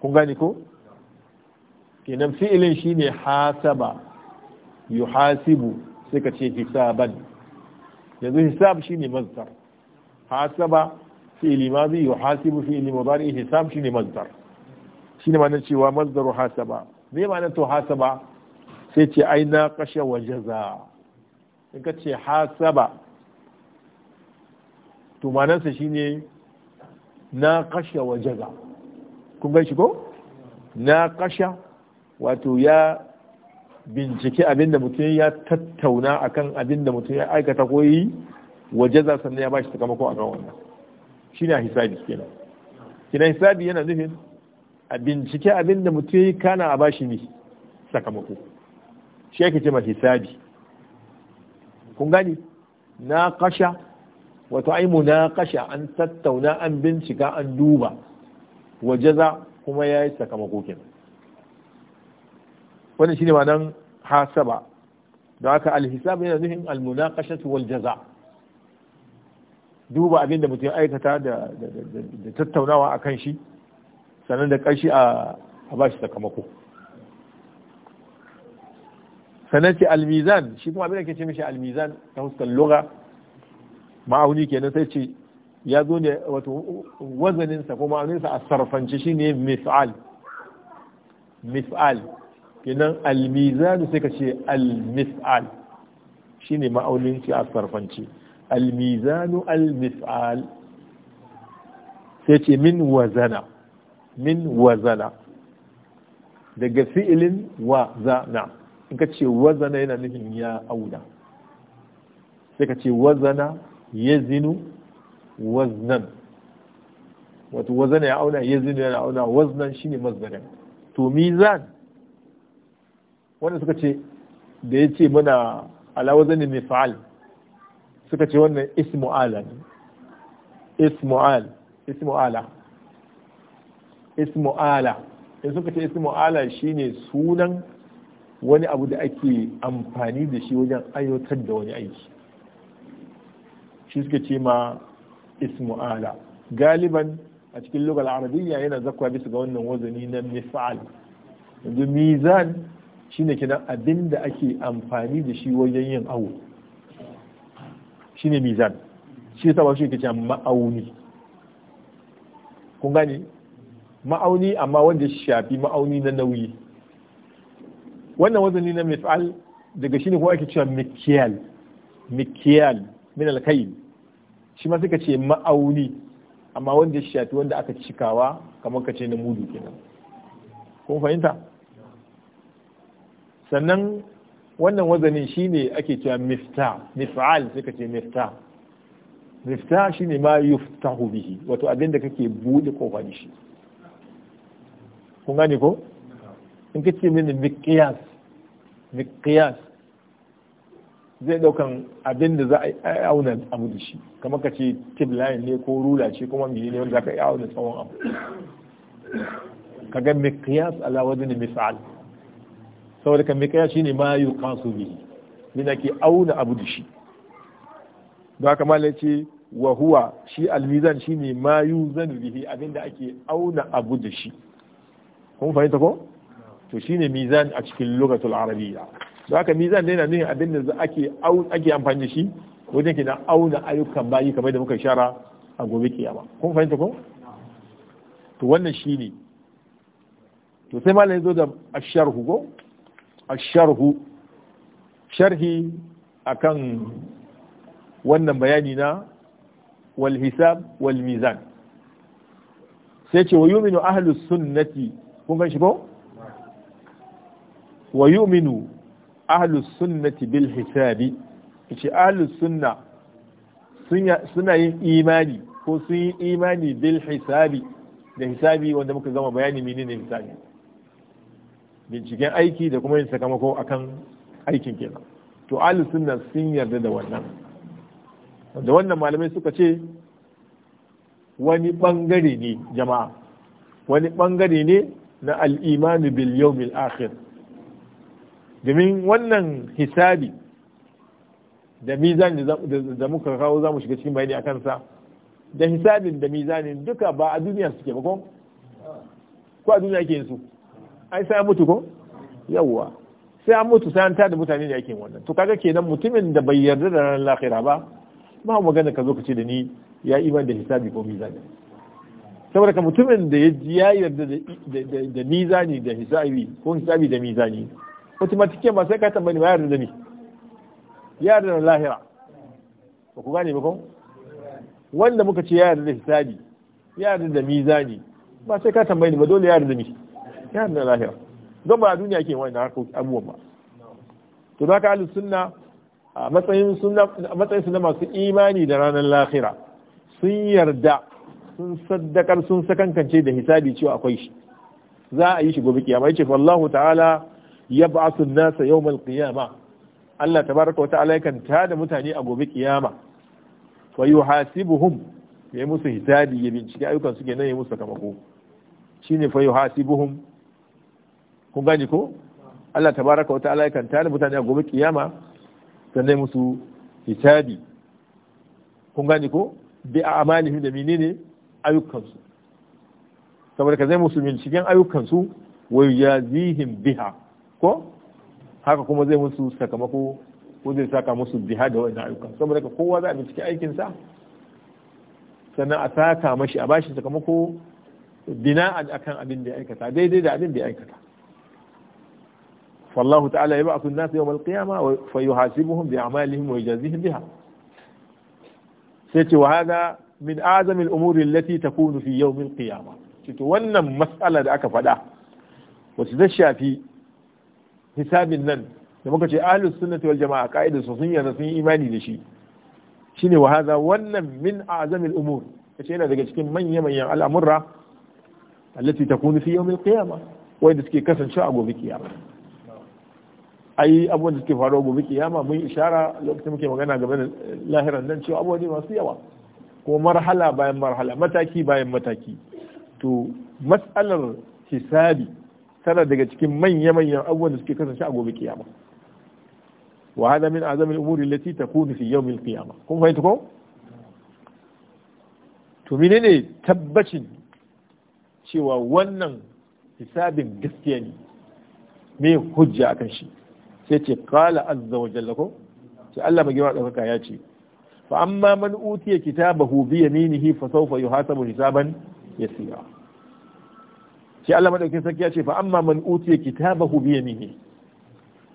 kun gani ko kenan fi'ilin ne hasaba hasibu sai ka ce hisaban yanzu hisab shi ne mazdar hasaba fi'ili yu hasibu fi'ili mudari hisab shi shine mazdar ne ma'anar cewa mazdaru hasaba me ma'anar to hasaba sai ce aina kashe wa jaza in ka ce hasaba to shi ne. na kasha waje ga kun gaishe ko na kasha wato ya bincike abinda mutum ya tattauna akan abinda mutum ya aikata ko yi wa sannan ya bashi sakamako akan wannan a hisabi kenan kina hisabi yana nufin a bincike abinda mutum ya kana a bashi ne sakamako shi ake ce ma hisabi kun gani na kasha wato ai munaqasha an tattauna an bincika an duba wa kuma yayi sakamako kenan wannan shine ma'anan hasaba da haka alhisab yana nufin almunaqashatu wal jaza duba abin da mutum aikata da tattaunawa a kan shi sannan da ƙarshe a ba shi sakamako sannan ce almizan shi kuma abin da ke ce mishi almizan ta huskar lura ma'auni kenan sai ce ya zo ne wato wazaninsa ko ma'auninsa a sarfance shine mif'al mif'al kenan almizan sai ka ce almif'al shine ma'aunin shi a sarfance almizanu almif'al sai ce min wazana min wazana daga fi'ilin wazana in ka ce wazana yana nufin ya auna sai ka ce wazana yazinu waznan wato wazana ya auna yazinu yana auna waznan shine mazdarin to mizan wanda suka ce da ya ce mana ala wazanin fa'al suka ce wannan ismu'ala ala ne ismu ala ismu in suka ce ismu'ala ala shine sunan wani abu da ake amfani da shi wajen ayyutar da wani aiki shi suka ce ma ismu ala galiban a cikin lokacin arabiya yana zakwa bisa ga wannan wazani na misal yanzu mizan shi ne kenan abin da ake amfani da shi wajen yin awo ne mizan shi ta bashi yake ma'auni kun gani ma'auni amma wanda shafi ma'auni na nauyi wannan wazani na misal daga shi ne kuma ake cewa mikiyal mikiyal min alkayl shi ma suka ce ma'auni amma wanda ya shafi wanda aka cikawa kamar ka ce na mudu kenan kun fahimta sannan wannan wazanin shine ake cewa mifta mif'al sai ka ce mifta mifta shine ma yuftahu bihi wato abinda kake buɗe kofa da shi kun gane ko in ka ce mini miqyas miqyas zai daukan abin da za a auna abu da shi kamar ka ce tip line ne ko rula ce kuma mai ne wanda za ka auna tsawon abu ka kaga mikiyas ala ne misal saboda ka shi shine ma yuqasu bihi yana ke auna abu da shi ba haka malai ce wa huwa shi almizan shine ma yuzan bihi da ake auna abu da shi kun fahimta ko to shine mizan a cikin lokacin arabiya don haka mizan dai na nuna abin da ake ake amfani da shi wajen na auna ayyukan bayi kamar da muka shara a gobe kiyama kun fahimta ko to wannan shi ne. to sai malam zo da asharhu ko asharhu sharhi akan wannan bayani na wal hisab wal mizan sai ce wa yuminu ahlus sunnati kun gan shi ko wa yuminu ahlus sunnati bil hisabi ahlus sunna suna yin imani ko sun yi imani bil hisabi da hisabi wanda muka gama bayani menene hisabi binciken aiki da kuma yin sakamako akan aikin kenan to ahlus sunna sun yarda da wannan da wannan malamai suka ce wani bangare ne jama'a wani bangare ne na al'imanu bil yawmil akhir domin wannan hisabi da mizani da muka kawo za mu shiga cikin bayani a kansa da hisabin da mizanin duka ba a duniya suke ba ko ko a duniya ake yin su ai sai mutu ko yawwa sai an mutu sai an tada mutane da ake yin wannan to kaga kenan mutumin da bai yarda da ranar lahira ba ba magana ka zo ka ce da ni ya iman da hisabi ko mizani saboda ka mutumin da ya yarda da mizani da hisabi ko hisabi da mizani automatike ma sai ka tambayi ba yarda da ni yarda da lahira ba ku gane ba ko wanda muka ce yarda da hisabi yarda da mizani ba sai ka tambayi ba dole yarda da ni yarda da lahira don ba a duniya ke wani abubuwan ba to za ka ahlus sunna a matsayin suna masu imani da ranar lahira sun yarda sun saddakar sun sakankance da hisabi cewa akwai shi za a yi shi gobe kiyama yace wallahu ta'ala ba su nasa yau al-qiyama Allah baraka wata alaikan ta da mutane a gobe kiyama wa hasibuhum, ya musu hitabi ya bincike ayyukan su nan ya musu sakamako ne fa hasibuhum. kun gani ko Allah baraka wata alaikan ta da mutane a gobe kiyama nai musu hitabi. kun gani ko bi a'malihim da menene ayyukansu saboda ka zai musu binciken ayyukansu wa yazihim biha ko haka kuma zai musu sakamako ko zai saka musu jihad da wani ayyuka saboda ka kowa za a bincike aikinsa sannan a saka mashi a bashi sakamako bina akan abin da ya aikata daidai da abin da ya aikata فالله تعالى يبعث الناس يوم Sai ce بأعمالهم ويجازيهم بها سيتي وهذا من أعظم الأمور التي تكون في يوم القيامة سيتي ونم مسألة أكفدا وتدشى shafi. hisabin nan da muka ce ahlus sunnati wal jama'a ka'idar su sun yarda sun yi imani da shi shine wa hadha wannan min a'zamil umur kace yana daga cikin manya manyan al'amurra allati takunu fi yawmil qiyamah wanda suke kasance a gobe kiyama ai abubuwan da suke faruwa gobe kiyama mun ishara lokacin muke magana game da lahiran nan cewa abubuwa ne masu yawa ko marhala bayan marhala mataki bayan mataki to matsalar hisabi tana daga cikin manya-manyan abubuwan da suke kasance a gobe kiyama wa hada min azami al-umuri allati takunu fi yawm al-qiyama kun fahimta ko to menene tabbacin cewa wannan hisabin gaskiya ne me hujja akan shi sai ce qala azza wa jalla ko sai Allah mai girma daukaka ya ce fa amma man utiya kitabahu bi yaminihi fa sawfa yuhasabu hisaban yasira shi Allah madaukakin sarki ya ce fa amma man utiya kitabahu bi yaminihi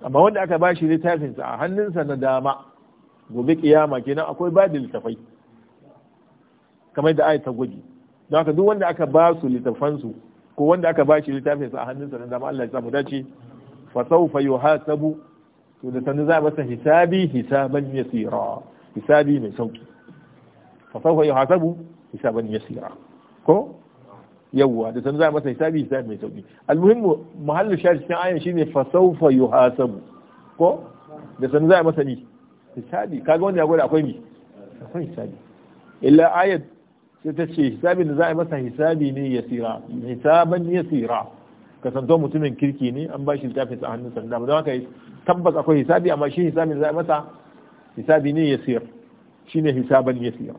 amma wanda aka bashi littafin sa a hannunsa na dama gobe kiyama kenan akwai ba da littafai kamar da ayata ta gwaji don haka duk wanda aka ba su littafan su ko wanda aka bashi littafin sa a hannunsa na dama Allah ya samu dace fa sawfa yuhasabu to da sanin za a masa hisabi hisaban yasira hisabi mai sauki fa sawfa yuhasabu hisaban yasira ko yawwa da san za a masa hisabi hisabi mai sauki almuhimmu muhallin shahid cikin ayan shine fa sawfa yuhasabu ko da san za a masa ni hisabi kaga wanda ya gwada akwai ni akwai hisabi illa ayat sai ta ce hisabin da za a masa hisabi ne yasira hisaban yasira kasanto mutumin kirki ne an ba shi littafin sa hannun sanda ba don haka tabbas akwai hisabi amma shi hisabin da za a masa hisabi ne yasir shine hisaban yasira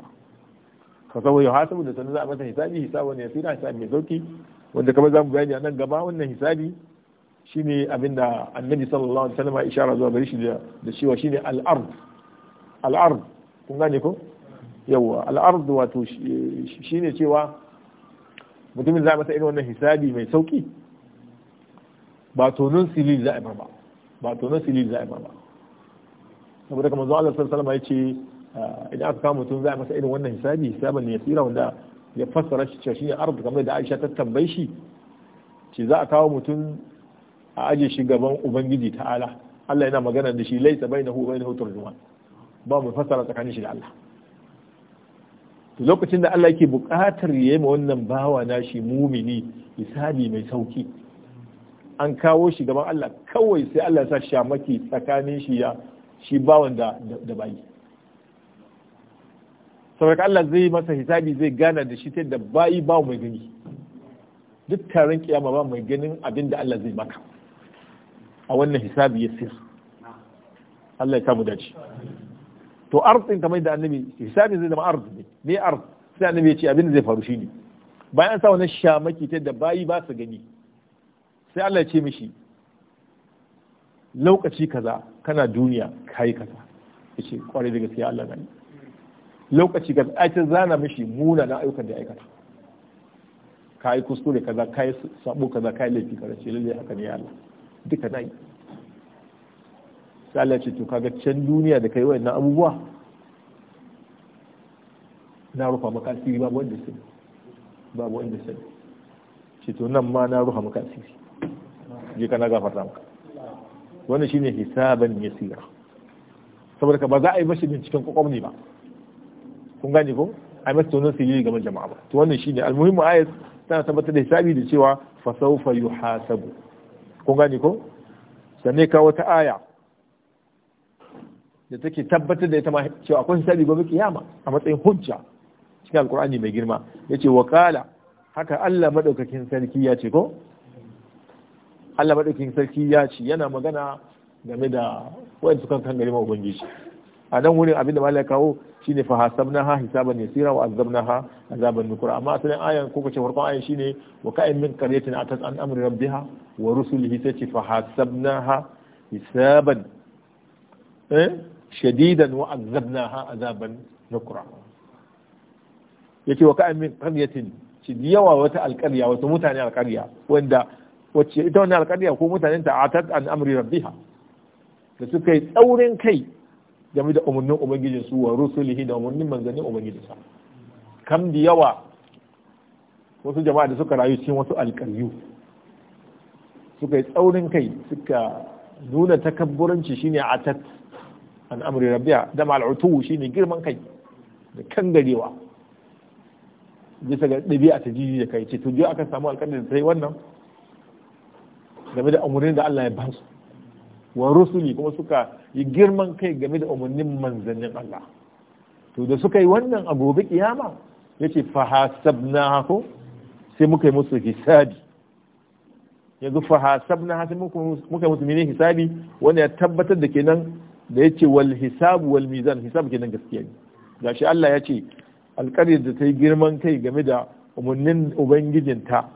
Ka sau ya hasabu da sanin za a masa hisabi wani ya sira hisabi mai sauki wanda kamar zamu bayani a nan gaba wannan hisabi shine abin da annabi sallallahu alaihi wasallam ishara zuwa gare shi da cewa shine al-ard al-ard kun gane ko yawa al-ard wato shine cewa mutumin za a masa irin wannan hisabi mai sauki ba tonon silil za a ba ba tonon silil za a ba saboda kamar zuwa Allah sallallahu alaihi wasallam ya ce idan aka kama mutum za a masa irin wannan hisabi hisabin ya tsira wanda ya fassara shi cewa ya kamar da Aisha ta tambayi shi ce za a kawo mutum a aje shi gaban ubangiji ta'ala Allah yana magana da shi laisa hukumai na hutun ruwa ba mu fassara tsakanin shi da Allah to lokacin da Allah yake buƙatar ya yi wannan bawa na shi mumini hisabi mai sauki an kawo shi gaban Allah kawai sai Allah ya sa shamaki tsakanin shi ya shi bawan da da bayi saboda Allah zai masa hisabi zai gana da shi ta da bayi ba mai gani duk taron kiyama ba mai ganin abin da Allah zai maka a wannan hisabi ya sir Allah ya samu dace to arzikin kamar da annabi hisabi zai zama arz ne ne arz sai annabi ya ce abin da zai faru shi ne bayan sa wannan shamaki ta da bayi ba su gani sai Allah ya ce mishi lokaci kaza kana duniya kai kaza yace kwarai da gaskiya Allah gani lokaci ga aikin zana mishi muna na ayyukan da aikata ka yi kuskure kaza ka yi sabo kaza ka yi laifi kaza ce lalle haka ne ya Allah duka na sai ce to kaga can duniya da kai wayannan abubuwa na rufa maka asiri babu wanda sai babu wanda sai ce to nan ma na rufa maka asiri je kana gafarta maka wannan shine hisaban yasira saboda ka ba za a yi mashi cikin kokom ne ba kun gane ko a masa tunan sirri game jama'a ba to wannan shine almuhimmu ayat tana tabbatar da hisabi da cewa fa sawfa yuhasabu kun gane ko sanne ka wata aya da take tabbatar da ita ma cewa akwai hisabi gobe kiyama a matsayin hujja cikin alkur'ani mai girma yace wa qala haka Allah madaukakin sarki ya ce ko Allah madaukakin sarki ya ce yana magana game da wa'in sukan kan gari ma ubangiji a nan wurin abinda ya kawo shine fa ha hisaban yasira wa ha azaban nukura amma asalin ayan ko kace farkon ayan shine wa ka'in min qaryatin atat an amri rabbiha wa rusulihi sai fa ha hisaban eh shadidan wa ha azaban nukura yake wa ka'in min qaryatin ci yawa wata alƙarya wata mutane alƙarya wanda wacce ita wannan alƙarya ko mutanen ta atat an amri rabbiha da suka yi tsaurin kai game da umarnin ubangijin su wa rusulihi da umarnin manzannin ubangijin sa kam da yawa wasu jama'a da suka rayu cikin wasu alƙaryu suka yi tsaurin kai suka nuna takabburanci shine atat an amri rabbiya da mal'utu shine girman kai da kan garewa. bisa ga ɗabi'a ta jiji da kai ce to je aka samu alƙalin da sai wannan game da umarnin da Allah ya ba su wa rusuli kuma suka yi girman kai game da umarnin manzannin Allah to da suka yi wannan a gobe kiyama yace fa hasabnahu sai muka yi musu hisabi yanzu fa sai muka yi musu mene hisabi wanda ya tabbatar da kenan da yace wal hisabu wal mizan hisabu kenan gaskiya ne gashi Allah ya ce alƙaryar da ta yi girman kai game da umarnin ubangijinta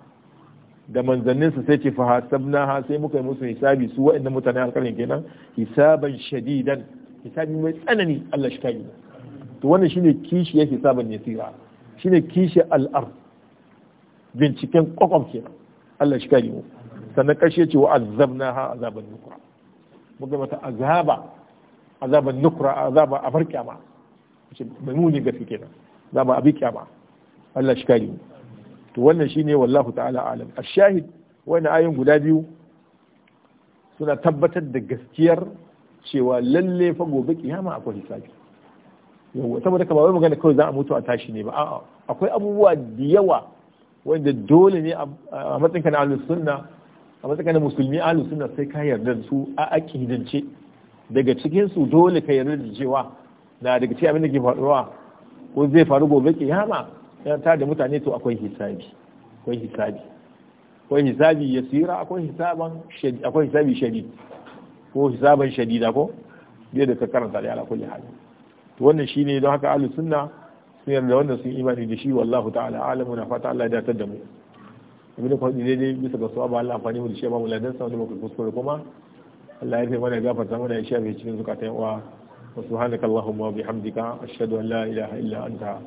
da manzanninsa sai ce fahasabna ha sai muka yi musu hisabi su waɗannan mutane alƙarin kenan hisaban shadidan hisabi mai tsanani Allah shi kai to wannan shine kishi ya hisaban yasira shine kishi al'ar binciken kokon kenan Allah shi kai mu sannan kashe ce wa azabna ha azaban nukra muka mata azaba azaban nukra azaba a farkiyama mai muni gaske kenan azaba abi kiyama Allah shi kai mu to wannan shine wallahu ta'ala alam ash-shahid wannan guda biyu suna tabbatar da gaskiyar cewa lalle fa gobe kiyama akwai hisabi yawa saboda ka ba wai magana kawai za a mutu a tashi ne ba a'a akwai abubuwa da yawa wanda dole ne a matsayin ahlus a matsayin na musulmi ahlus sai ka yarda da su a aqidance daga cikin su dole ka yarda da cewa na daga cikin abin da ke faruwa ko zai faru gobe kiyama yana ta da mutane to akwai hisabi akwai hisabi akwai hisabi yasira akwai hisaban akwai hisabi shadi ko hisaban da ko bai da ka karanta da ala kulli hali to wannan shine don haka ahlus sunna sun yarda wannan sun imani da shi wallahu ta'ala alamu na fata Allah ya tada mu abin da kwanci daidai bisa ga sawaba Allah amfani mu da shi ba mu ladan sa wani muka kuskure kuma Allah ya fi mana gafarta mana ya shafe cikin zukatan uwa wa subhanakallahumma wa bihamdika ashhadu an la ilaha illa anta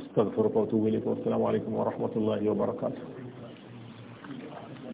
استغفرك واتوب اليك والسلام عليكم ورحمه الله وبركاته